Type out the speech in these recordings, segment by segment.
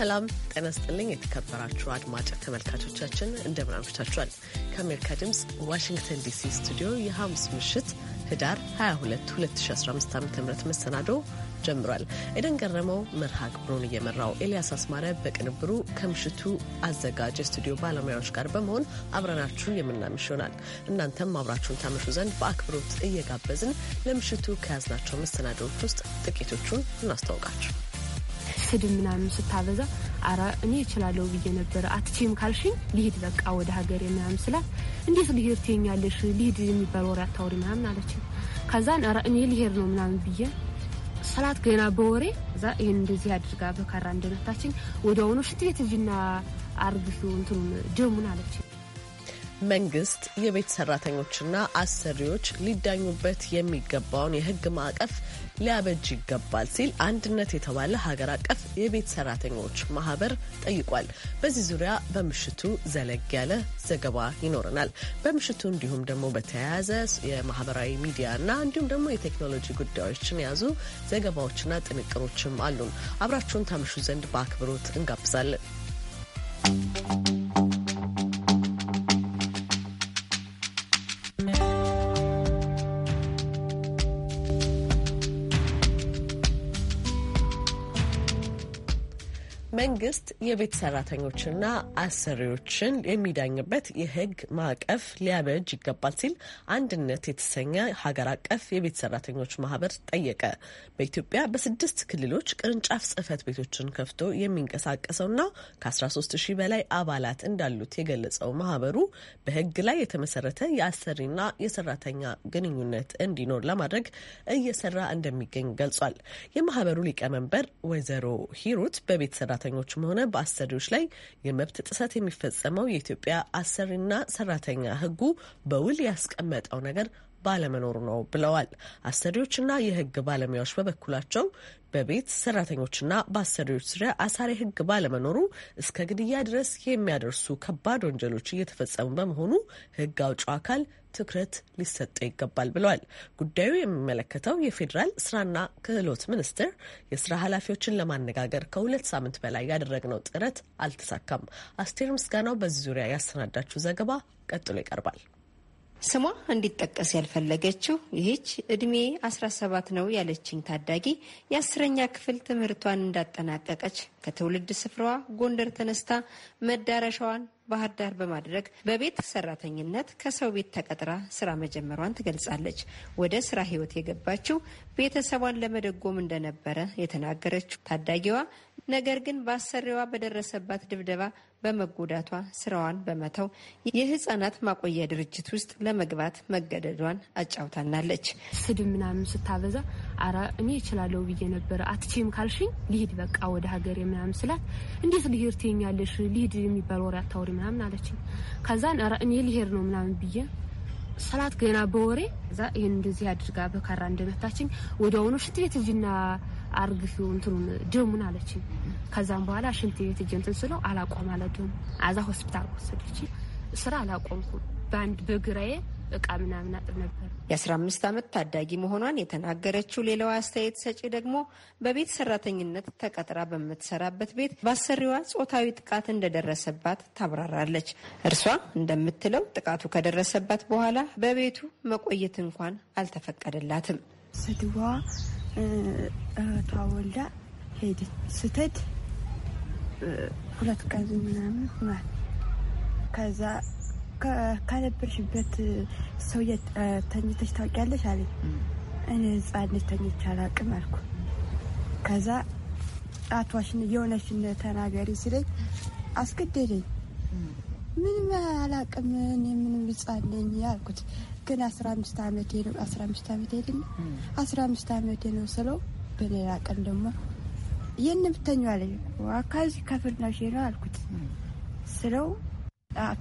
ሰላም ጤና ይስጥልኝ። የተከበራችሁ አድማጭ ተመልካቾቻችን እንደምን አምሽታችኋል? ከአሜሪካ ድምፅ ዋሽንግተን ዲሲ ስቱዲዮ የሐሙስ ምሽት ህዳር 22 2015 ዓ ም መሰናዶ ጀምሯል። ኤደን ገረመው መርሃ ግብሩን እየመራው ኤልያስ አስማረ በቅንብሩ ከምሽቱ አዘጋጅ የስቱዲዮ ባለሙያዎች ጋር በመሆን አብረናችሁ የምናምሽ ይሆናል። እናንተም አብራችሁን ታመሹ ዘንድ በአክብሮት እየጋበዝን ለምሽቱ ከያዝናቸው መሰናዶዎች ውስጥ ጥቂቶቹን እናስታውቃችሁ። ስድብ ምናምን ስታበዛ አረ እኔ እችላለሁ ብዬ ነበረ። አትቼም ካልሽኝ ሊሄድ በቃ ወደ ሀገር ምናምን ስላት እንዴት ሊሄድ ትኛለሽ? ሊሄድ የሚባል ወሬ አታውሪ ምናምን አለችኝ። ከዛን አረ እኔ ሊሄድ ነው ምናምን ብዬ ሰላት ገና በወሬ እዛ ይህን እንደዚህ አድርጋ በካራ እንደመታችኝ ወዲያውኑ ሽንት ቤት ሂጂና አርግፊ እንትኑ ደሙን አለች። መንግስት የቤት ሰራተኞችና አሰሪዎች ሊዳኙበት የሚገባውን የህግ ማዕቀፍ ሊያበጅ ይገባል ሲል አንድነት የተባለ ሀገር አቀፍ የቤት ሰራተኞች ማህበር ጠይቋል። በዚህ ዙሪያ በምሽቱ ዘለግ ያለ ዘገባ ይኖረናል። በምሽቱ እንዲሁም ደግሞ በተያያዘ የማህበራዊ ሚዲያና እንዲሁም ደግሞ የቴክኖሎጂ ጉዳዮችን የያዙ ዘገባዎችና ጥንቅሮችም አሉን። አብራችሁን ታምሹ ዘንድ በአክብሮት እንጋብዛለን። መንግስት የቤት ሰራተኞችና አሰሪዎችን የሚዳኝበት የህግ ማዕቀፍ ሊያበጅ ይገባል ሲል አንድነት የተሰኘ ሀገር አቀፍ የቤት ሰራተኞች ማህበር ጠየቀ። በኢትዮጵያ በስድስት ክልሎች ቅርንጫፍ ጽህፈት ቤቶችን ከፍቶ የሚንቀሳቀሰውና ከ13 ሺህ በላይ አባላት እንዳሉት የገለጸው ማህበሩ በህግ ላይ የተመሰረተ የአሰሪና የሰራተኛ ግንኙነት እንዲኖር ለማድረግ እየሰራ እንደሚገኝ ገልጿል። የማህበሩ ሊቀመንበር ወይዘሮ ሂሩት በቤት ሰራተኞች በሰራተኞችም ሆነ በአሰሪዎች ላይ የመብት ጥሰት የሚፈጸመው የኢትዮጵያ አሰሪና ሰራተኛ ህጉ በውል ያስቀመጠው ነገር ባለመኖሩ ነው ብለዋል። አሰሪዎችና የህግ ባለሙያዎች በበኩላቸው በቤት ሰራተኞችና በአሰሪዎች ዙሪያ አሳሪ ህግ ባለመኖሩ እስከ ግድያ ድረስ የሚያደርሱ ከባድ ወንጀሎች እየተፈጸሙ በመሆኑ ህግ አውጪው አካል ትኩረት ሊሰጠው ይገባል ብለዋል። ጉዳዩ የሚመለከተው የፌዴራል ስራና ክህሎት ሚኒስቴር የስራ ኃላፊዎችን ለማነጋገር ከሁለት ሳምንት በላይ ያደረግነው ጥረት አልተሳካም። አስቴር ምስጋናው በዚህ ዙሪያ ያሰናዳችው ዘገባ ቀጥሎ ይቀርባል። ስሟ እንዲጠቀስ ያልፈለገችው ይህች እድሜ 17 ነው ያለችኝ ታዳጊ የአስረኛ ክፍል ትምህርቷን እንዳጠናቀቀች ከትውልድ ስፍራዋ ጎንደር ተነስታ መዳረሻዋን ባህር ዳር በማድረግ በቤት ሰራተኝነት ከሰው ቤት ተቀጥራ ስራ መጀመሯን ትገልጻለች። ወደ ስራ ህይወት የገባችው ቤተሰቧን ለመደጎም እንደነበረ የተናገረችው ታዳጊዋ ነገር ግን በአሰሪዋ በደረሰባት ድብደባ በመጎዳቷ ስራዋን በመተው የህጻናት ማቆያ ድርጅት ውስጥ ለመግባት መገደዷን አጫውታናለች። ስድብ ምናምን ስታበዛ አራ እኔ እችላለሁ ብዬ ነበረ። አትቼም ካልሽኝ ሊሄድ በቃ ወደ ሀገሬ ምናምን ስላት እንዴት ልሄድ ትኛለሽ? ሊሄድ የሚባል ወሬ አታወሪ ምናምን አለችኝ። ከዛን እኔ ሊሄድ ነው ምናምን ብዬ ሰላት ገና በወሬ ይህን እንደዚህ አድርጋ በካራ እንደመታችኝ አሁኑ ሽት ቤት እጅና አርግፊው እንትኑን ደሙን አለች። ከዛም በኋላ ሽንት ቤት እጄ እንትን ስለው አላቆም አለ ደሙ። አዛ ሆስፒታል ወሰደች። ስራ አላቆምኩ በአንድ በግራዬ እቃ ምናምን አጥብ ነበር። የአስራ አምስት ዓመት ታዳጊ መሆኗን የተናገረችው ሌላው አስተያየት ሰጪ ደግሞ በቤት ሰራተኝነት ተቀጥራ በምትሰራበት ቤት በአሰሪዋ ጾታዊ ጥቃት እንደደረሰባት ታብራራለች። እርሷ እንደምትለው ጥቃቱ ከደረሰባት በኋላ በቤቱ መቆየት እንኳን አልተፈቀደላትም። ስድዋ እህቷ ወልዳ ሄድን ስትሄድ ሁለት ቀን ምናምን ሆኗል። ከዛ ከነበርሽበት ሰው ተኝተሽ ታውቂያለሽ አለ እኔ ህፃን ልጅ ተኝቼ አላውቅም አልኩ። ከዛ አትዋሽን የሆነሽን ተናገሪ ሲለኝ አስገደደኝ። ምንም አላውቅም እኔ ምንም ህፃን ነኝ አልኩት። ግን አስራ አምስት አመቴ ነው። አስራ አምስት አመቴ አይደለም አስራ አምስት አመቴ ነው ስለው በሌላ ቀን ደግሞ ይህን ብተኙ አለ አካዚ ከፍል ነው አልኩት ስለው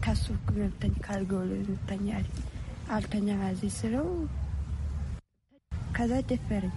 ከሱ ክምብተኝ ካልገው ብተኛ አልተኛ ዚህ ስለው ከዛ ደፈረኝ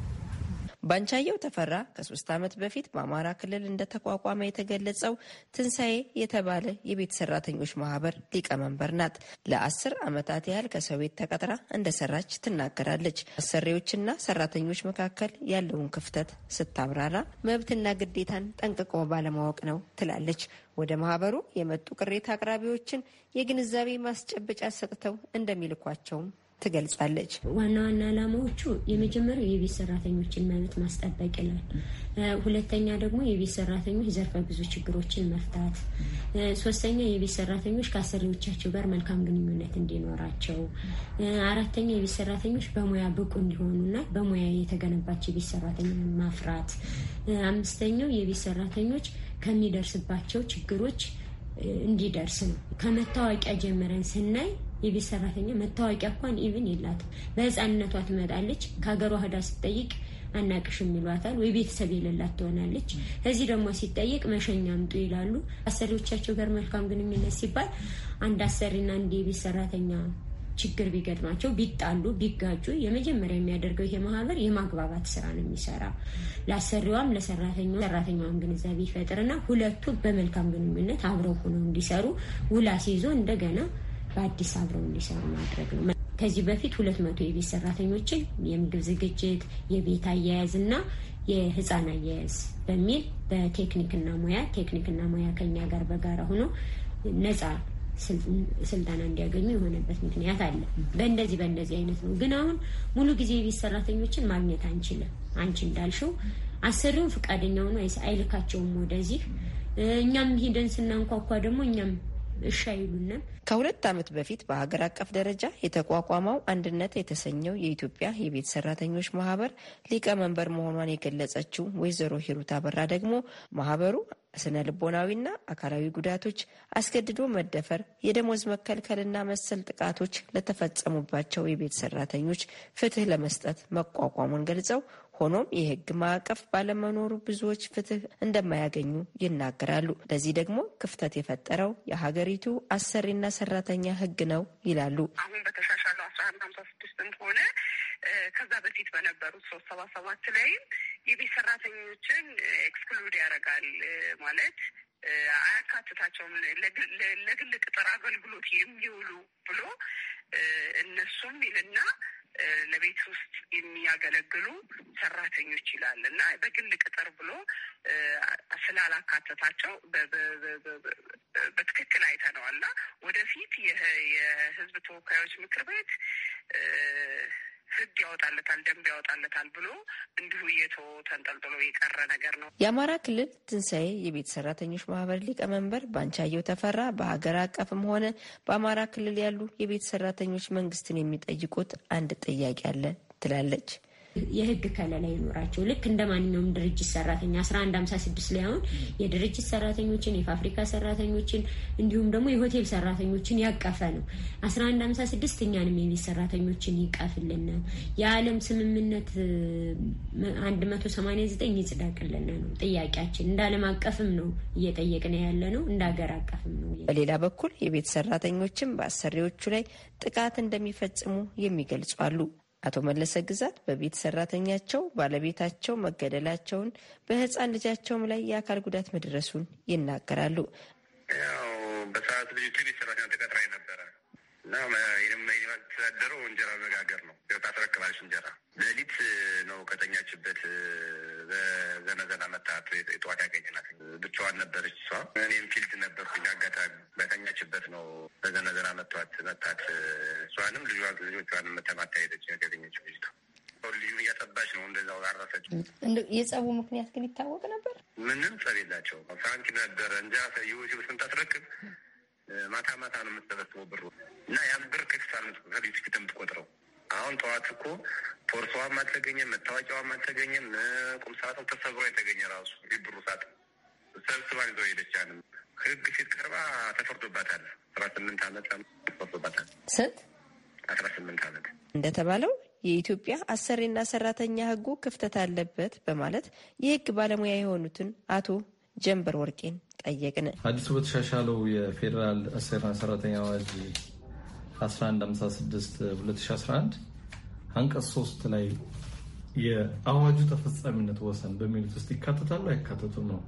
ባንቻየው ተፈራ ከሶስት ዓመት በፊት በአማራ ክልል እንደተቋቋመ የተገለጸው ትንሣኤ የተባለ የቤት ሰራተኞች ማህበር ሊቀመንበር ናት። ለአስር ዓመታት ያህል ከሰው ቤት ተቀጥራ እንደሰራች ትናገራለች። አሰሪዎችና ሰራተኞች መካከል ያለውን ክፍተት ስታብራራ መብትና ግዴታን ጠንቅቆ ባለማወቅ ነው ትላለች። ወደ ማህበሩ የመጡ ቅሬታ አቅራቢዎችን የግንዛቤ ማስጨበጫ ሰጥተው እንደሚልኳቸውም ትገልጻለች። ዋና ዋና ዓላማዎቹ የመጀመሪያው የቤት ሰራተኞችን መብት ማስጠበቅ ይላል። ሁለተኛ ደግሞ የቤት ሰራተኞች ዘርፈ ብዙ ችግሮችን መፍታት፣ ሶስተኛ የቤት ሰራተኞች ከአሰሪዎቻቸው ጋር መልካም ግንኙነት እንዲኖራቸው፣ አራተኛ የቤት ሰራተኞች በሙያ ብቁ እንዲሆኑና በሙያ የተገነባቸው የቤት ሰራተኞች ማፍራት፣ አምስተኛው የቤት ሰራተኞች ከሚደርስባቸው ችግሮች እንዲደርስ ነው። ከመታወቂያ ጀምረን ስናይ የቤት ሰራተኛ መታወቂያ እንኳን ኢቭን የላትም። በህፃንነቷ ትመጣለች። ከሀገሯ ህዳ ስትጠይቅ አናቅሽም ይሏታል። ወይ ቤተሰብ የሌላት ትሆናለች። እዚህ ደግሞ ሲጠየቅ መሸኛ አምጡ ይላሉ። አሰሪዎቻቸው ጋር መልካም ግንኙነት ሲባል አንድ አሰሪና አንድ የቤት ሰራተኛ ችግር ቢገጥማቸው ቢጣሉ፣ ቢጋጩ የመጀመሪያ የሚያደርገው ይሄ ማህበር የማግባባት ስራ ነው የሚሰራ። ለአሰሪዋም ለሰራተኛው ሰራተኛውን ግንዛቤ ይፈጥርና ሁለቱ በመልካም ግንኙነት አብረው ሆነው እንዲሰሩ ውላ ሲይዞ እንደገና በአዲስ አብረው እንዲሰሩ ማድረግ ነው። ከዚህ በፊት ሁለት መቶ የቤት ሰራተኞችን የምግብ ዝግጅት፣ የቤት አያያዝ እና የህፃን አያያዝ በሚል በቴክኒክና ሙያ ቴክኒክና ሙያ ከኛ ጋር በጋራ ሆኖ ነፃ ስልጠና እንዲያገኙ የሆነበት ምክንያት አለ። በእንደዚህ በእንደዚህ አይነት ነው። ግን አሁን ሙሉ ጊዜ የቤት ሰራተኞችን ማግኘት አንችልም። አንቺ እንዳልሽው አሰሪውን ፈቃደኛ ሆኖ አይልካቸውም ወደዚህ። እኛም ሂደን ስናንኳኳ ደግሞ እኛም እሺ አይሉንም። ከሁለት ዓመት በፊት በሀገር አቀፍ ደረጃ የተቋቋመው አንድነት የተሰኘው የኢትዮጵያ የቤት ሰራተኞች ማህበር ሊቀመንበር መሆኗን የገለጸችው ወይዘሮ ሂሩት አበራ ደግሞ ማህበሩ ስነ ልቦናዊና አካላዊ ጉዳቶች፣ አስገድዶ መደፈር፣ የደሞዝ መከልከልና መሰል ጥቃቶች ለተፈጸሙባቸው የቤት ሰራተኞች ፍትህ ለመስጠት መቋቋሙን ገልጸው ሆኖም የህግ ማዕቀፍ ባለመኖሩ ብዙዎች ፍትህ እንደማያገኙ ይናገራሉ። ለዚህ ደግሞ ክፍተት የፈጠረው የሀገሪቱ አሰሪና ሰራተኛ ህግ ነው ይላሉ። አሁን በተሻሻለው አስራ አንድ ሀምሳ ስድስትም ሆነ ከዛ በፊት በነበሩት ሶስት ሰባ ሰባት ላይም የቤት ሰራተኞችን ኤክስክሉድ ያደርጋል ማለት አያካትታቸውም ለግል ቅጥር አገልግሎት የሚውሉ ብሎ እነሱም ይልና ለቤት ውስጥ የሚያገለግሉ ሰራተኞች ይላል እና በግል ቅጥር ብሎ ስላላካተታቸው በትክክል አይተነዋል እና ወደፊት የህዝብ ተወካዮች ምክር ቤት ህግ ያወጣለታል፣ ደንብ ያወጣለታል ብሎ እንዲሁ እየቶ ተንጠልጥሎ የቀረ ነገር ነው። የአማራ ክልል ትንሣኤ የቤት ሰራተኞች ማህበር ሊቀመንበር ባንቻየው ተፈራ በሀገር አቀፍም ሆነ በአማራ ክልል ያሉ የቤት ሰራተኞች መንግስትን የሚጠይቁት አንድ ጥያቄ አለ ትላለች። የህግ ከለላ ይኖራቸው። ልክ እንደ ማንኛውም ድርጅት ሰራተኛ አስራ አንድ ሀምሳ ስድስት ላይ አሁን የድርጅት ሰራተኞችን፣ የፋብሪካ ሰራተኞችን እንዲሁም ደግሞ የሆቴል ሰራተኞችን ያቀፈ ነው። አስራ አንድ ሀምሳ ስድስት እኛንም የቤት ሰራተኞችን ይቀፍልና የዓለም ስምምነት አንድ መቶ ሰማንያ ዘጠኝ ይጽደቅልና ነው ጥያቄያችን። እንደ ዓለም አቀፍም ነው እየጠየቅን ያለ ነው፣ እንደ ሀገር አቀፍም ነው። በሌላ በኩል የቤት ሰራተኞችም በአሰሪዎቹ ላይ ጥቃት እንደሚፈጽሙ የሚገልጹ አሉ። አቶ መለሰ ግዛት በቤት ሰራተኛቸው ባለቤታቸው መገደላቸውን በህፃን ልጃቸውም ላይ የአካል ጉዳት መድረሱን ይናገራሉ። ያው በሰዓት ልጅቱ ቤት ሰራተኛ ተቀጥራ ነበረ እና የሚተዳደረው እንጀራ መጋገር ነው። አስረክባለች እንጀራ ሌሊት ነው ከተኛችበት ዘነዘና መታት የጠዋት ያገኘናት ብቻዋን ነበረች። እሷ እኔም ፊልድ ነበርኩኝ አጋጣሚ በተኛችበት ነው በዘነዘና መቷት መታት። እሷንም ልጆቿን መተማታ ሄደች ያገኘችው ልጅቷ ልዩ እያጠባች ነው እንደዛው አረፈች። የጸቡ ምክንያት ግን ይታወቅ ነበር። ምንም ጸብ የላቸው ፍራንክ ነበረ እንጃ ዩቲብ ስምታስረክብ ማታ ማታ ነው የምትሰበስበው ብሩ እና ያን ብር ፊትም ትቆጥረው አሁን ጠዋት እኮ ፖርሰዋም አልተገኘም፣ መታወቂያዋም አልተገኘም። ቁም ሳጥን ተሰብሮ የተገኘ ራሱ ብሩ ሳጥን ሰብስባ ይዘው ሄደች። ህግ ፊት ቀርባ ተፈርዶባታል። አስራ ስምንት አመት ተፈርዶባታል። ስንት? አስራ ስምንት አመት እንደተባለው የኢትዮጵያ አሰሪና ሰራተኛ ህጉ ክፍተት አለበት በማለት የህግ ባለሙያ የሆኑትን አቶ ጀንበር ወርቄን ጠየቅን። አዲሱ በተሻሻለው የፌዴራል አሰሪና ሰራተኛ አዋጅ 1156 2011 አንቀጽ 3 ላይ የአዋጁ ተፈጻሚነት ወሰን በሚሉት ውስጥ ይካተታሉ አይካተቱም ነው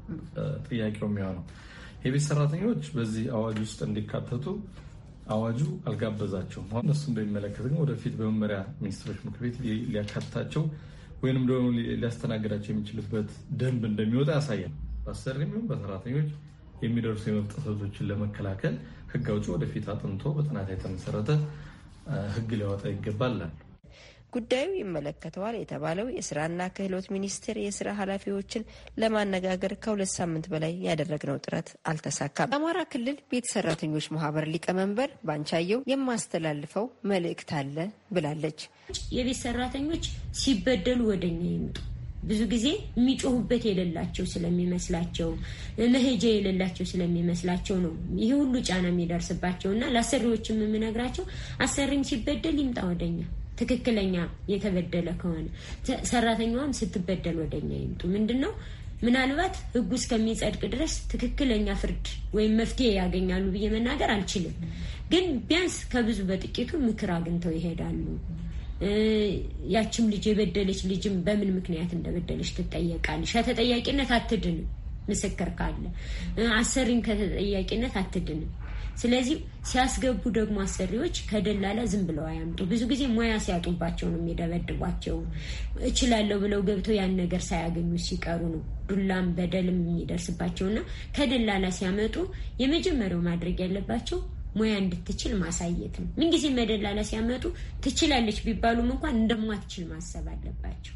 ጥያቄው የሚሆነው። የቤት ሰራተኞች በዚህ አዋጅ ውስጥ እንዲካተቱ አዋጁ አልጋበዛቸውም። እነሱም በሚመለከት ግን ወደፊት በመመሪያ ሚኒስትሮች ምክር ቤት ሊያካትታቸው ወይንም ደግሞ ሊያስተናግዳቸው የሚችልበት ደንብ እንደሚወጣ ያሳያል። በአሰሪም ይሁን በሰራተኞች የሚደርሱ የመብት ጥሰቶችን ለመከላከል ህግ አውጪ ወደፊት አጥንቶ በጥናት የተመሰረተ ህግ ሊያወጣ ይገባል። ጉዳዩ ይመለከተዋል የተባለው የስራና ክህሎት ሚኒስቴር የስራ ኃላፊዎችን ለማነጋገር ከሁለት ሳምንት በላይ ያደረግነው ጥረት አልተሳካም። የአማራ ክልል ቤት ሰራተኞች ማህበር ሊቀመንበር ባንቻየው የማስተላልፈው መልእክት አለ ብላለች። የቤት ሰራተኞች ሲበደሉ ወደኛ ይምጡ ብዙ ጊዜ የሚጮሁበት የሌላቸው ስለሚመስላቸው መሄጃ የሌላቸው ስለሚመስላቸው ነው ይሄ ሁሉ ጫና የሚደርስባቸው እና ለአሰሪዎችም የምነግራቸው አሰሪም ሲበደል ይምጣ ወደኛ ትክክለኛ የተበደለ ከሆነ ሰራተኛውም ስትበደል ወደኛ ይምጡ። ምንድን ነው ምናልባት ህጉ እስከሚጸድቅ ድረስ ትክክለኛ ፍርድ ወይም መፍትሄ ያገኛሉ ብዬ መናገር አልችልም፣ ግን ቢያንስ ከብዙ በጥቂቱ ምክር አግኝተው ይሄዳሉ። ያችም ልጅ የበደለች ልጅም በምን ምክንያት እንደበደለች ትጠየቃለች። ከተጠያቂነት አትድንም። ምስክር ካለ አሰሪም ከተጠያቂነት አትድንም። ስለዚህ ሲያስገቡ ደግሞ አሰሪዎች ከደላላ ዝም ብለው አያምጡ። ብዙ ጊዜ ሙያ ሲያጡባቸው ነው የሚደበድቧቸው። እችላለሁ ብለው ገብተው ያን ነገር ሳያገኙ ሲቀሩ ነው ዱላም በደልም የሚደርስባቸው እና ከደላላ ሲያመጡ የመጀመሪያው ማድረግ ያለባቸው ሙያ እንድትችል ማሳየት ነው። ምንጊዜ መደላላ ሲያመጡ ትችላለች ቢባሉም እንኳን እንደማትችል ማሰብ አለባቸው።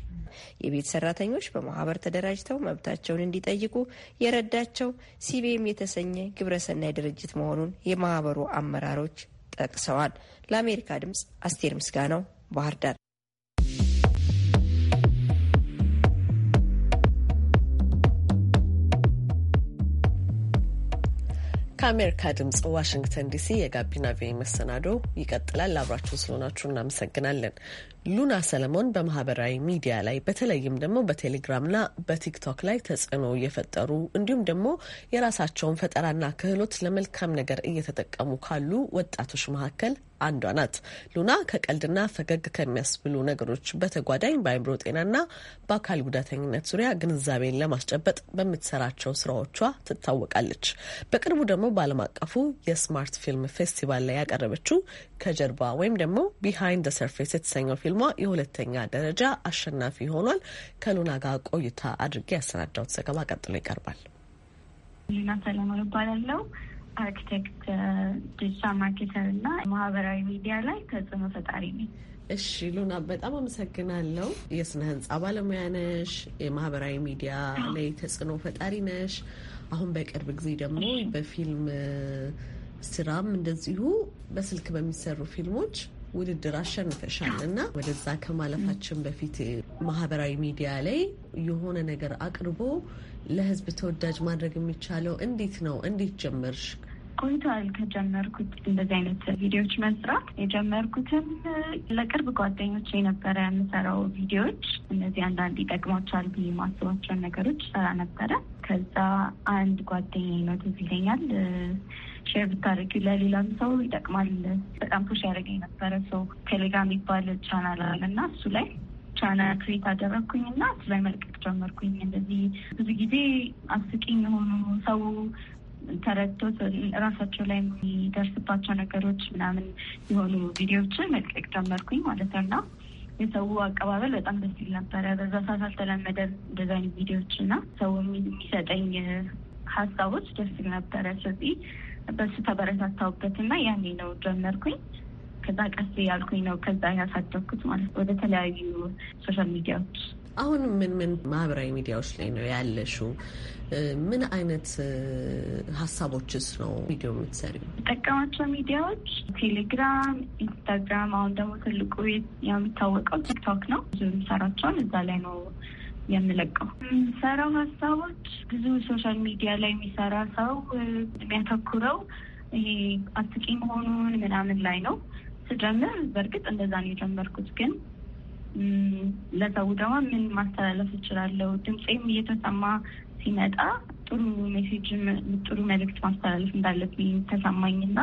የቤት ሰራተኞች በማህበር ተደራጅተው መብታቸውን እንዲጠይቁ የረዳቸው ሲቢኤም የተሰኘ ግብረሰናይ ድርጅት መሆኑን የማህበሩ አመራሮች ጠቅሰዋል። ለአሜሪካ ድምጽ አስቴር ምስጋናው ባህር ዳር። ከአሜሪካ ድምጽ ዋሽንግተን ዲሲ የጋቢና ቪ መሰናዶ ይቀጥላል። አብራችሁን ስለሆናችሁ እናመሰግናለን። ሉና ሰለሞን በማህበራዊ ሚዲያ ላይ በተለይም ደግሞ በቴሌግራምና በቲክቶክ ላይ ተጽዕኖ እየፈጠሩ እንዲሁም ደግሞ የራሳቸውን ፈጠራና ክህሎት ለመልካም ነገር እየተጠቀሙ ካሉ ወጣቶች መካከል አንዷ ናት። ሉና ከቀልድና ፈገግ ከሚያስብሉ ነገሮች በተጓዳኝ በአይምሮ ጤናና በአካል ጉዳተኝነት ዙሪያ ግንዛቤን ለማስጨበጥ በምትሰራቸው ስራዎቿ ትታወቃለች። በቅርቡ ደግሞ በዓለም አቀፉ የስማርት ፊልም ፌስቲቫል ላይ ያቀረበችው ከጀርባ ወይም ደግሞ ቢሃይንድ ሰርፌስ የተሰኘው ፊልሟ የሁለተኛ ደረጃ አሸናፊ ሆኗል። ከሉና ጋር ቆይታ አድርጌ ያሰናዳሁት ዘገባ ቀጥሎ ይቀርባል። ሉና ሰለማ ይባላለው አርኪቴክት ዲጂታል ማርኬተር እና ማህበራዊ ሚዲያ ላይ ተጽዕኖ ፈጣሪ ነኝ። እሺ ሉና በጣም አመሰግናለሁ። የስነ ህንፃ ባለሙያ ነሽ፣ የማህበራዊ ሚዲያ ላይ ተጽዕኖ ፈጣሪ ነሽ። አሁን በቅርብ ጊዜ ደግሞ በፊልም ስራም እንደዚሁ በስልክ በሚሰሩ ፊልሞች ውድድር አሸንፈሻል እና ወደዛ ከማለፋችን በፊት ማህበራዊ ሚዲያ ላይ የሆነ ነገር አቅርቦ ለህዝብ ተወዳጅ ማድረግ የሚቻለው እንዴት ነው? እንዴት ጀመርሽ? ቆይቷል ከጀመርኩት እንደዚህ አይነት ቪዲዮዎች መስራት። የጀመርኩትም ለቅርብ ጓደኞች የነበረ የምሰራው ቪዲዮዎች እነዚህ አንዳንድ ይጠቅማቸዋል ብዬ ማስባቸውን ነገሮች ሰራ ነበረ። ከዛ አንድ ጓደኛ ነው ትዝ ይለኛል ሼር ብታደርጊው ለሌላም ሰው ይጠቅማል በጣም ፑሽ ያደረገኝ ነበረ ሰው ቴሌግራም የሚባል ቻናል አለ እና እሱ ላይ ቻና ክሬት አደረግኩኝ እና እሱ ላይ መልቀቅ ጀመርኩኝ። እንደዚህ ብዙ ጊዜ አስቂኝ የሆኑ ሰው ተረድቶት እራሳቸው ላይ የሚደርስባቸው ነገሮች ምናምን የሆኑ ቪዲዮዎችን መልቀቅ ጀመርኩኝ ማለት ነው እና የሰው አቀባበል በጣም ደስ ይል ነበረ። በዛ ሰዓት አልተለመደ እንደዛ አይነት ቪዲዮዎች እና ሰው የሚሰጠኝ ሀሳቦች ደስ ይል ነበረ። ስለዚህ በሱ ተበረታታውበት እና ያኔ ነው ጀመርኩኝ። ከዛ ቀስ ያልኩኝ ነው ከዛ ያሳደግኩት ማለት ወደ ተለያዩ ሶሻል ሚዲያዎች አሁን ምን ምን ማህበራዊ ሚዲያዎች ላይ ነው ያለሽው? ምን አይነት ሀሳቦችስ ነው ቪዲዮ የምትሰሪ? ጠቀማቸው ሚዲያዎች ቴሌግራም፣ ኢንስታግራም፣ አሁን ደግሞ ትልቁ የሚታወቀው ቲክቶክ ነው። ብዙ የምሰራቸውን እዛ ላይ ነው የምለቀው የምሰራው ሀሳቦች ብዙ ሶሻል ሚዲያ ላይ የሚሰራ ሰው የሚያተኩረው ይሄ አስቂ መሆኑን ምናምን ላይ ነው። ስጀምር በእርግጥ እንደዛ ነው የጀመርኩት፣ ግን ለሰው ደግሞ ምን ማስተላለፍ እችላለሁ? ድምፄም እየተሰማ ሲመጣ ጥሩ ሜሴጅ፣ ጥሩ መልእክት ማስተላለፍ እንዳለብኝ ተሰማኝና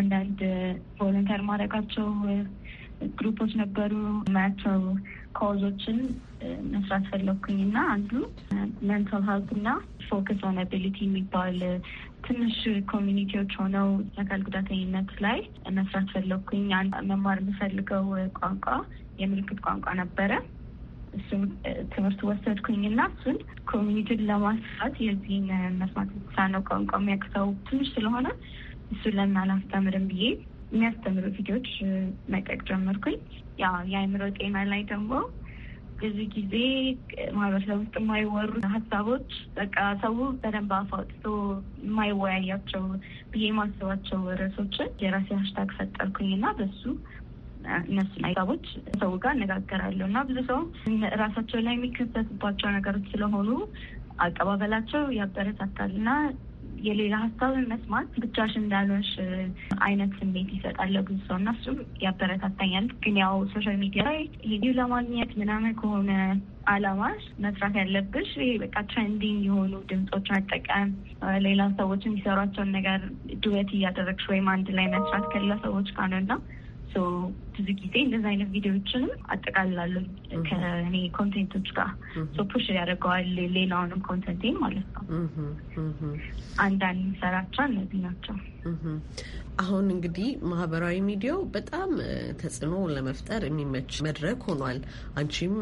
አንዳንድ ቮለንተር ማድረጋቸው ግሩፖች ነበሩ። ማያቸው ካውዞችን መስራት ፈለኩኝ እና አንዱ ሜንታል ሀልት እና ፎከስ ኦን አቢሊቲ የሚባል ትንሽ ኮሚኒቲዎች ሆነው የአካል ጉዳተኝነት ላይ መስራት ፈለኩኝ። መማር የምፈልገው ቋንቋ የምልክት ቋንቋ ነበረ። እሱም ትምህርት ወሰድኩኝ እና እሱን ኮሚኒቲን ለማስፋት የዚህን መስማት የተሳነው ቋንቋ የሚያቅተው ትንሽ ስለሆነ እሱን ለምን አላስተምርም ብዬ የሚያስተምሩ ቪዲዮች መቀቅ ጀመርኩኝ። ያ የአእምሮ ጤና ላይ ደግሞ ብዙ ጊዜ ማህበረሰብ ውስጥ የማይወሩ ሀሳቦች በቃ ሰው በደንብ አፋውጥቶ የማይወያያቸው ብዬ የማስባቸው ርዕሶችን የራሴ ሀሽታግ ፈጠርኩኝ እና በሱ እነሱ ላይ ሀሳቦች ሰው ጋር እነጋገራለሁ እና ብዙ ሰው ራሳቸው ላይ የሚከሰትባቸው ነገሮች ስለሆኑ አቀባበላቸው ያበረታታል እና የሌላ ሀሳብን መስማት ብቻሽ እንዳልሆንሽ አይነት ስሜት ይሰጣል ብዙ ሰው እና እሱም ያበረታታኛል። ግን ያው ሶሻል ሚዲያ ላይ ሄዲ ለማግኘት ምናምን ከሆነ አላማሽ መስራት ያለብሽ ይሄ በቃ ትሬንዲንግ የሆኑ ድምፆች መጠቀም፣ ሌላ ሰዎች የሚሰሯቸውን ነገር ዱበት እያደረግሽ ወይም አንድ ላይ መስራት ከሌላ ሰዎች ጋር ነው ብዙ ጊዜ እንደዚ አይነት ቪዲዮዎችንም አጠቃልላሉ ከእኔ ኮንቴንቶች ጋር ፑሽ ያደርገዋል። ሌላውንም ኮንቴንት ማለት ነው። አንዳንድ ሰራቻ እነዚህ ናቸው። አሁን እንግዲህ ማህበራዊ ሚዲያው በጣም ተጽዕኖ ለመፍጠር የሚመች መድረክ ሆኗል። አንቺም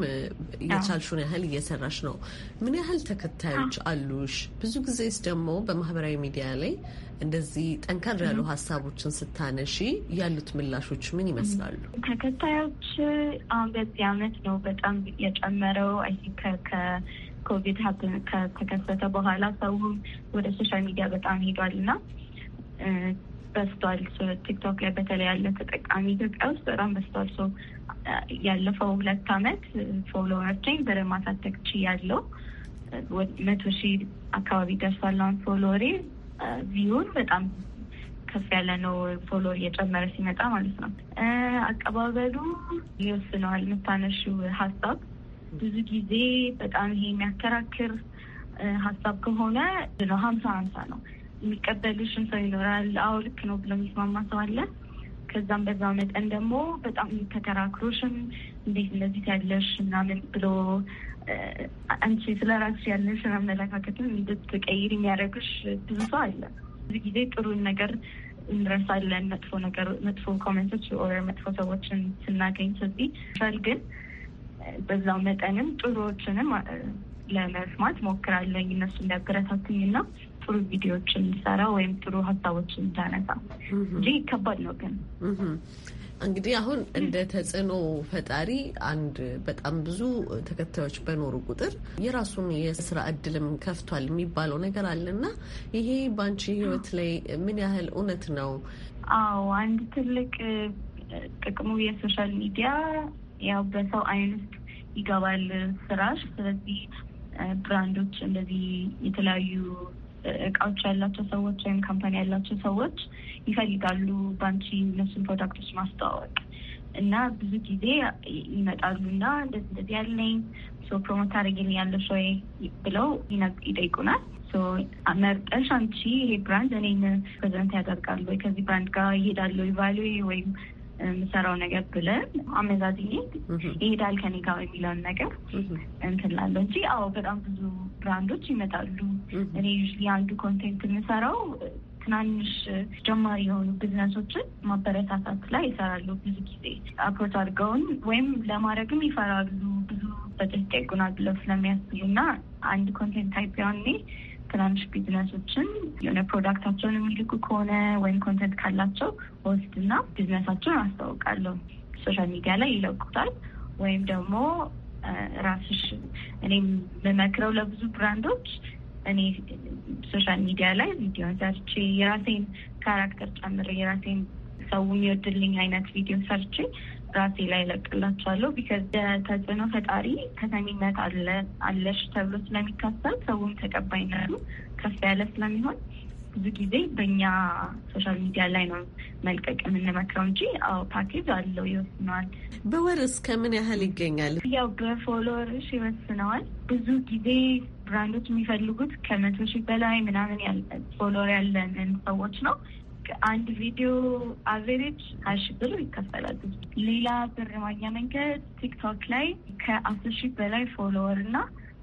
የቻልሽውን ያህል እየሰራሽ ነው። ምን ያህል ተከታዮች አሉሽ? ብዙ ጊዜስ ደግሞ በማህበራዊ ሚዲያ ላይ እንደዚህ ጠንከር ያሉ ሀሳቦችን ስታነሺ ያሉት ምላሾች ምን ይመስላሉ? ይችላሉ? ተከታዮች አሁን በዚህ አመት ነው በጣም የጨመረው። አይ ቲንክ ከኮቪድ ከተከሰተ በኋላ ሰውም ወደ ሶሻል ሚዲያ በጣም ሄዷል እና በስቷል። ቲክቶክ ላይ በተለይ ያለ ተጠቃሚ ኢትዮጵያ ውስጥ በጣም በስቷል። ሰው ያለፈው ሁለት አመት ፎሎወርችኝ በደንብ ማሳደግ ችያለሁ። መቶ ሺህ አካባቢ ደርሷል አሁን ፎሎወሬ ቪዩን በጣም ከፍ ያለ ነው ፎሎ እየጨመረ ሲመጣ ማለት ነው። አቀባበሉ ይወስነዋል የምታነሺው ሀሳብ ብዙ ጊዜ በጣም ይሄ የሚያከራክር ሀሳብ ከሆነ ነው ሀምሳ ሀምሳ ነው የሚቀበልሽም ሰው ይኖራል። አዎ ልክ ነው ብሎ የሚስማማ ሰው አለ። ከዛም በዛ መጠን ደግሞ በጣም ተከራክሮሽም እንዴት እንደዚህ ያለሽ ምናምን ብሎ አንቺ ስለ ራስሽ ያለሽን አመለካከትም እንድትቀይር የሚያደርግሽ ብዙ ሰው አለ። ብዙ ጊዜ ጥሩን ነገር እንረሳለን መጥፎ ነገር መጥፎ ኮሜንቶች ኦር መጥፎ ሰዎችን ስናገኝ ስዚህ ሻል ግን በዛው መጠንም ጥሩዎችንም ለመስማት ሞክራለኝ እነሱ እንዲያበረታትኝ ና ጥሩ ቪዲዮዎችን እንዲሰራ ወይም ጥሩ ሀሳቦችን እንዳነሳ እንጂ ከባድ ነው ግን እንግዲህ አሁን እንደ ተጽዕኖ ፈጣሪ አንድ በጣም ብዙ ተከታዮች በኖሩ ቁጥር የራሱን የስራ እድልም ከፍቷል የሚባለው ነገር አለና ይሄ በአንቺ ህይወት ላይ ምን ያህል እውነት ነው? አዎ አንድ ትልቅ ጥቅሙ የሶሻል ሚዲያ ያው በሰው አይን ውስጥ ይገባል ስራሽ። ስለዚህ ብራንዶች እንደዚህ የተለያዩ እቃዎች ያላቸው ሰዎች ወይም ካምፓኒ ያላቸው ሰዎች ይፈልጋሉ ባንቺ እነሱን ፕሮዳክቶች ማስተዋወቅ እና ብዙ ጊዜ ይመጣሉ እና እንደዚህ ያለኝ ፕሮሞት ታደርጊልኝ ያለሽ ወይ ብለው ይጠይቁናል። መርጠሽ አንቺ ይሄ ብራንድ እኔን ፕሬዘንት ያደርጋሉ ወይ ከዚህ ብራንድ ጋር ይሄዳለሁ ይባሉ ወይም የምሰራው ነገር ብለን አመዛዝኝ ይሄዳል ከኔ ጋር የሚለውን ነገር እንትላለ እንጂ አዎ፣ በጣም ብዙ ብራንዶች ይመጣሉ። እኔ ዩ አንዱ ኮንቴንት የምሰራው ትናንሽ ጀማሪ የሆኑ ቢዝነሶችን ማበረታታት ላይ ይሰራሉ። ብዙ ጊዜ አፕሮች አድርገውን ወይም ለማድረግም ይፈራሉ። ብዙ በጥልቅ ይጉናል ብለው ስለሚያስቡ እና አንድ ኮንቴንት ታይፕ ያኔ ትናንሽ ቢዝነሶችን የሆነ ፕሮዳክታቸውን የሚልኩ ከሆነ ወይም ኮንቴንት ካላቸው ና ቢዝነሳቸውን አስታውቃለሁ። ሶሻል ሚዲያ ላይ ይለቁታል ወይም ደግሞ ራስሽ እኔም የምመክረው ለብዙ ብራንዶች እኔ ሶሻል ሚዲያ ላይ ቪዲዮ ሰርቼ የራሴን ካራክተር ጨምሬ የራሴን ሰው የሚወድልኝ አይነት ቪዲዮ ሰርቼ ራሴ ላይ ለቅላቸዋለሁ። ቢከዝ ተጽዕኖ ፈጣሪ አለ አለሽ ተብሎ ስለሚታሰብ ሰውም ተቀባይነቱ ከፍ ያለ ስለሚሆን ብዙ ጊዜ በእኛ ሶሻል ሚዲያ ላይ ነው መልቀቅ የምንመክረው እንጂ አዎ ፓኬጅ አለው ይወስነዋል። በወር እስከ ምን ያህል ይገኛል? ያው በፎሎወርሽ ይወስነዋል። ብዙ ጊዜ ብራንዶች የሚፈልጉት ከመቶ ሺህ በላይ ምናምን ፎሎወር ያለንን ሰዎች ነው። አንድ ቪዲዮ አቨሬጅ ሀሺ ብሎ ይከፈላሉ። ሌላ ብር ማግኛ መንገድ ቲክቶክ ላይ ከአስር ሺህ በላይ ፎሎወር እና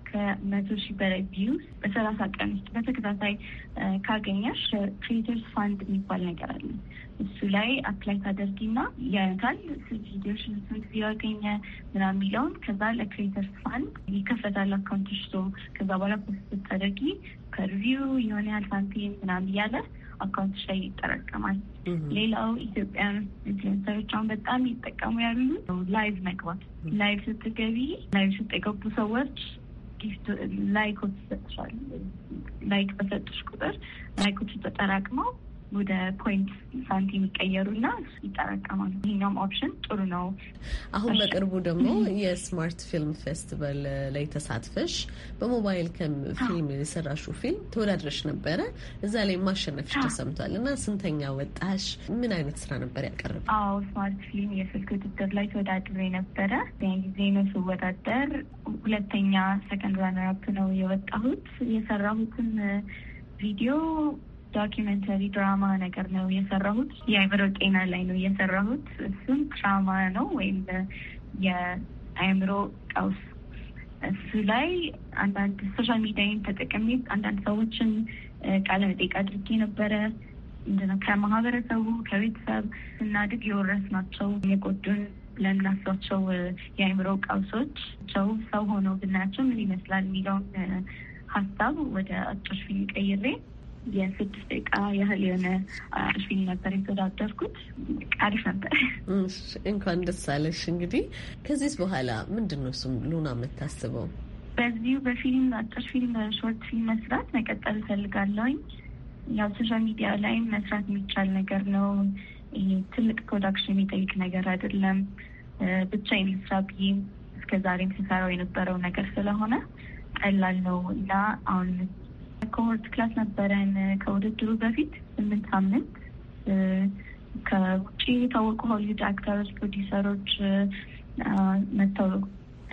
ከመቶ ሺህ በላይ ቪውስ በሰላሳ ቀን ውስጥ በተከታታይ ካገኘሽ ክሬተርስ ፋንድ የሚባል ነገር አለ። እሱ ላይ አፕላይ ታደርጊና ያነታል ቪዲዮሽ ስንት ቪው ያገኘ ምና የሚለውን ከዛ ለክሬተርስ ፋንድ ይከፈታል አካውንትሽ ሶ ከዛ በኋላ ፖስት ስታደርጊ ከሪቪው የሆነ ያህል ሳንቲም ምናምን እያለ አካውንትሽ ላይ ይጠረቀማል። ሌላው ኢትዮጵያን ኢንፍሉንሰሮች አሁን በጣም ይጠቀሙ ያሉት ላይቭ መግባት። ላይቭ ስትገቢ ላይቭ ስትገቡ ሰዎች ጊፍት ላይኮች ይሰጥሻል። ላይክ በሰጡሽ ቁጥር ላይኮች ተጠራቅመው ወደ ፖይንት ሳንቲም ይቀየሩና ይጠራቀማሉ። ይህኛውም ኦፕሽን ጥሩ ነው። አሁን በቅርቡ ደግሞ የስማርት ፊልም ፌስቲቫል ላይ ተሳትፈሽ በሞባይል ፊልም የሰራሹ ፊልም ተወዳድረሽ ነበረ። እዛ ላይ ማሸነፍሽ ተሰምቷል እና ስንተኛ ወጣሽ? ምን አይነት ስራ ነበር ያቀረብ? አዎ ስማርት ፊልም የስልክ ውድድር ላይ ተወዳድሬ ነበረ። ያን ጊዜ ነው ስወዳደር ሁለተኛ ሰከንድ ራነር አፕ ነው የወጣሁት። የሰራሁትን ቪዲዮ ዶኪመንተሪ ድራማ ነገር ነው የሰራሁት። የአእምሮ ጤና ላይ ነው የሰራሁት። እሱም ትራማ ነው ወይም የአእምሮ ቀውስ። እሱ ላይ አንዳንድ ሶሻል ሚዲያን ተጠቅሜ አንዳንድ ሰዎችን ቃለ መጠይቅ አድርጌ ነበረ። ምንድነው ከማህበረሰቡ ከቤተሰብ ስናድግ ናቸው የጎዱን ለምናሷቸው የአእምሮ ቀውሶች ቸው ሰው ሆነው ብናያቸው ምን ይመስላል የሚለውን ሀሳብ ወደ አጭር ፊልም ቀይሬ የስድስት ደቂቃ ያህል የሆነ አጭር ፊልም ነበር የተወዳደርኩት። አሪፍ ነበር። እንኳን ደስ አለሽ። እንግዲህ ከዚህ በኋላ ምንድን ነው እሱም ሉና የምታስበው? በዚሁ በፊልም አጭር ፊልም ሾርት ፊልም መስራት መቀጠል እፈልጋለሁኝ። ያው ሶሻል ሚዲያ ላይ መስራት የሚቻል ነገር ነው። ትልቅ ፕሮዳክሽን የሚጠይቅ ነገር አይደለም። ብቻ ልስራ ብዬ እስከዛሬም ስሰራው የነበረው ነገር ስለሆነ ቀላል ነው እና አሁን የኮሆርት ክላስ ነበረን ከውድድሩ በፊት ስምንት ሳምንት ከውጭ የታወቁ ሆሊውድ አክተሮች፣ ፕሮዲሰሮች መጥተው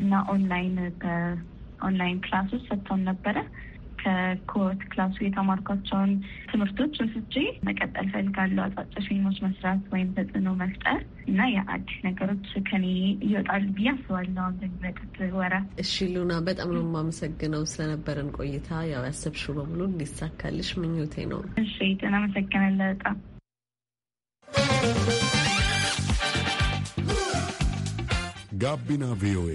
እና ኦንላይን በኦንላይን ክላሶች ሰጥተውን ነበረ። ከኮት ክላሱ የተማርኳቸውን ትምህርቶች ወስጄ መቀጠል ፈልጋለሁ። አጫጭር ፊልሞች መስራት ወይም ተጽዕኖ መፍጠር እና የአዲስ ነገሮች ከኔ ይወጣሉ ብዬ አስባለሁ በሚመጡት ወራት። እሺ ሉና፣ በጣም ነው የማመሰግነው ስለነበረን ቆይታ። ያው ያሰብሽው በሙሉ እንዲሳካልሽ ምኞቴ ነው። እሺ ጤና፣ አመሰግናለሁ በጣም ጋቢና ቪኦኤ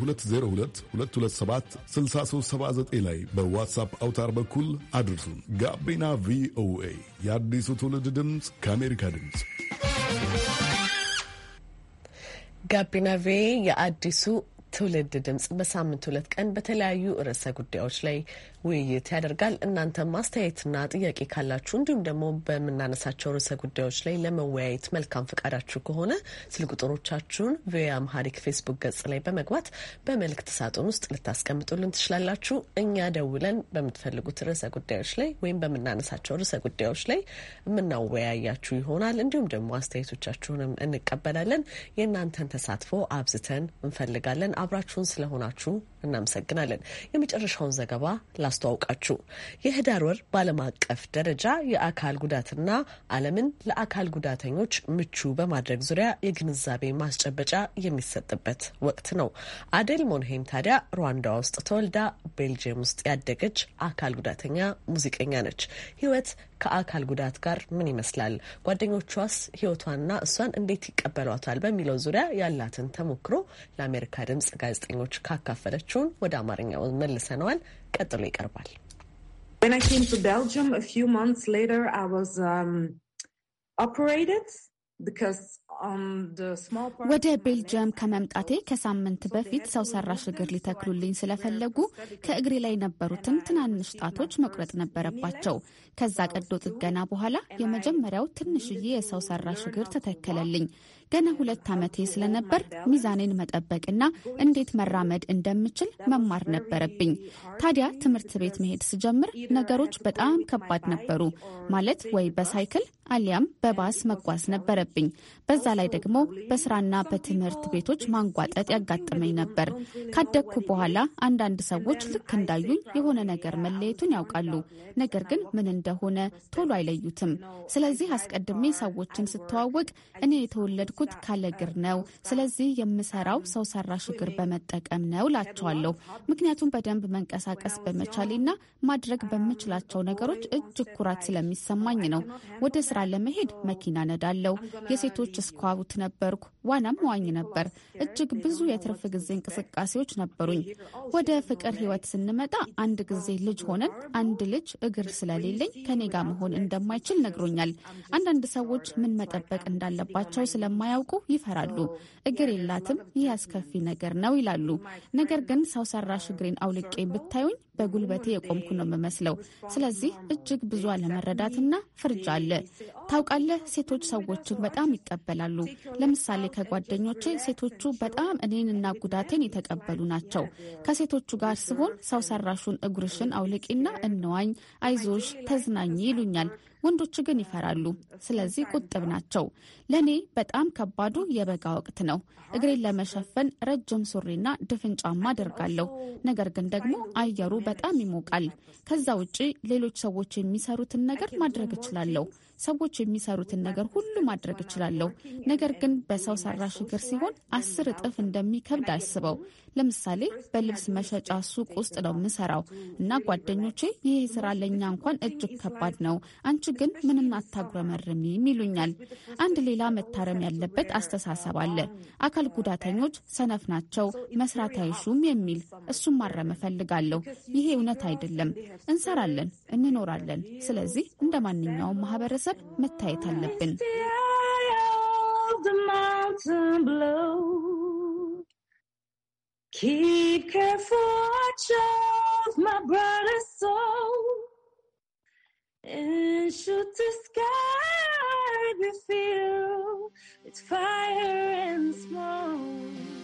2022276379 ላይ በዋትሳፕ አውታር በኩል አድርሱን። ጋቢና ቪኦኤ የአዲሱ ትውልድ ድምፅ ከአሜሪካ ድምፅ ጋቢና ቪኦኤ የአዲሱ ትውልድ ድምጽ በሳምንት ሁለት ቀን በተለያዩ ርዕሰ ጉዳዮች ላይ ውይይት ያደርጋል። እናንተ ማስተያየትና ጥያቄ ካላችሁ እንዲሁም ደግሞ በምናነሳቸው ርዕሰ ጉዳዮች ላይ ለመወያየት መልካም ፈቃዳችሁ ከሆነ ስልክ ቁጥሮቻችሁን ቪኦኤ አምሃሪክ ፌስቡክ ገጽ ላይ በመግባት በመልእክት ሳጥን ውስጥ ልታስቀምጡልን ትችላላችሁ። እኛ ደውለን በምትፈልጉት ርዕሰ ጉዳዮች ላይ ወይም በምናነሳቸው ርዕሰ ጉዳዮች ላይ የምናወያያችሁ ይሆናል። እንዲሁም ደግሞ አስተያየቶቻችሁንም እንቀበላለን። የእናንተን ተሳትፎ አብዝተን እንፈልጋለን። አብራችሁን ስለሆናችሁ እናመሰግናለን። የመጨረሻውን ዘገባ ላስተዋውቃችሁ። የህዳር ወር በዓለም አቀፍ ደረጃ የአካል ጉዳትና ዓለምን ለአካል ጉዳተኞች ምቹ በማድረግ ዙሪያ የግንዛቤ ማስጨበጫ የሚሰጥበት ወቅት ነው። አዴል ሞንሄም ታዲያ ሩዋንዳ ውስጥ ተወልዳ ቤልጅየም ውስጥ ያደገች አካል ጉዳተኛ ሙዚቀኛ ነች። ህይወት ከአካል ጉዳት ጋር ምን ይመስላል? ጓደኞቿስ ህይወቷና እሷን እንዴት ይቀበሏታል? በሚለው ዙሪያ ያላትን ተሞክሮ ለአሜሪካ ድምጽ ጋዜጠኞች ካካፈለችውን ወደ አማርኛው መልሰነዋል። ቀጥሎ ይቀርባል። When I came to Belgium a few months later, I was, um, operated because ወደ ቤልጅየም ከመምጣቴ ከሳምንት በፊት ሰው ሰራሽ እግር ሊተክሉልኝ ስለፈለጉ ከእግሬ ላይ የነበሩትን ትናንሽ ጣቶች መቁረጥ ነበረባቸው። ከዛ ቀዶ ጥገና በኋላ የመጀመሪያው ትንሽዬ የሰው ሰራሽ እግር ተተከለልኝ። ገና ሁለት ዓመቴ ስለነበር ሚዛኔን መጠበቅና እንዴት መራመድ እንደምችል መማር ነበረብኝ። ታዲያ ትምህርት ቤት መሄድ ስጀምር ነገሮች በጣም ከባድ ነበሩ። ማለት ወይ በሳይክል አሊያም በባስ መጓዝ ነበረብኝ። በዛ ላይ ደግሞ በስራና በትምህርት ቤቶች ማንጓጠጥ ያጋጥመኝ ነበር። ካደግኩ በኋላ አንዳንድ ሰዎች ልክ እንዳዩኝ የሆነ ነገር መለየቱን ያውቃሉ፣ ነገር ግን ምን እንደሆነ ቶሎ አይለዩትም። ስለዚህ አስቀድሜ ሰዎችን ስተዋወቅ እኔ የተወለድኩት ካለ እግር ነው፣ ስለዚህ የምሰራው ሰው ሰራሽ እግር በመጠቀም ነው ላቸዋለሁ። ምክንያቱም በደንብ መንቀሳቀስ በመቻሌና ማድረግ በምችላቸው ነገሮች እጅግ ኩራት ስለሚሰማኝ ነው። ወደ ስራ ለመሄድ መኪና ነዳለው። የሴቶች እያስኳብኩት ነበርኩ። ዋና ዋኝ ነበር። እጅግ ብዙ የትርፍ ጊዜ እንቅስቃሴዎች ነበሩኝ። ወደ ፍቅር ህይወት ስንመጣ አንድ ጊዜ ልጅ ሆነን አንድ ልጅ እግር ስለሌለኝ ከኔ ጋር መሆን እንደማይችል ነግሮኛል። አንዳንድ ሰዎች ምን መጠበቅ እንዳለባቸው ስለማያውቁ ይፈራሉ። እግር የላትም፣ ይህ አስከፊ ነገር ነው ይላሉ። ነገር ግን ሰው ሰራሽ እግሬን አውልቄ ብታዩኝ በጉልበቴ የቆምኩ ነው የምመስለው። ስለዚህ እጅግ ብዙ አለመረዳትና ፍርጃ አለ። ታውቃለህ፣ ሴቶች ሰዎችን በጣም ይቀበላሉ። ለምሳሌ ጓደኞቼ ሴቶቹ በጣም እኔንና ጉዳቴን የተቀበሉ ናቸው። ከሴቶቹ ጋር ስሆን ሰው ሰራሹን እግርሽን አውልቂና እንዋኝ፣ አይዞሽ፣ ተዝናኝ ይሉኛል። ወንዶች ግን ይፈራሉ። ስለዚህ ቁጥብ ናቸው። ለእኔ በጣም ከባዱ የበጋ ወቅት ነው። እግሬን ለመሸፈን ረጅም ሱሪና ድፍን ጫማ አደርጋለሁ። ነገር ግን ደግሞ አየሩ በጣም ይሞቃል። ከዛ ውጪ ሌሎች ሰዎች የሚሰሩትን ነገር ማድረግ እችላለሁ። ሰዎች የሚሰሩትን ነገር ሁሉ ማድረግ እችላለሁ። ነገር ግን በሰው ሰራሽ እግር ሲሆን አስር እጥፍ እንደሚከብድ አስበው። ለምሳሌ በልብስ መሸጫ ሱቅ ውስጥ ነው የምሰራው እና ጓደኞቼ ይህ ስራ ለእኛ እንኳን እጅግ ከባድ ነው አንቺ ግን ምንም አታጉረመርሚም ይሉኛል። አንድ ሌላ መታረም ያለበት አስተሳሰብ አለ። አካል ጉዳተኞች ሰነፍ ናቸው፣ መስራት አይሹም የሚል እሱም ማረም እፈልጋለሁ። ይሄ እውነት አይደለም። እንሰራለን፣ እንኖራለን። ስለዚህ እንደ ማንኛውም ማህበረሰብ መታየት አለብን። Keep careful watch of my brother's soul. and shoot the sky with you, with fire and smoke.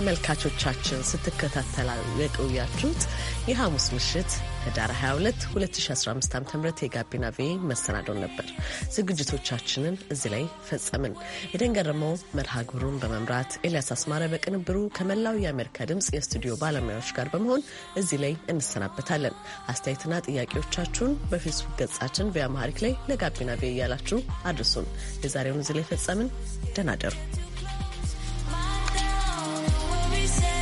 ተመልካቾቻችን ስትከታተሉ የቆያችሁት የሐሙስ ምሽት ህዳር 22 2015 ዓ ም የጋቢና ቪ መሰናዶን ነበር። ዝግጅቶቻችንን እዚህ ላይ ፈጸምን። የደንገረመው መርሃ ግብሩን በመምራት ኤልያስ አስማረ በቅንብሩ ከመላው የአሜሪካ ድምፅ የስቱዲዮ ባለሙያዎች ጋር በመሆን እዚህ ላይ እንሰናበታለን። አስተያየትና ጥያቄዎቻችሁን በፌስቡክ ገጻችን ቪ ላይ ለጋቢና ቪ እያላችሁ አድርሱን። የዛሬውን እዚህ ላይ ፈጸምን። ደናደሩ said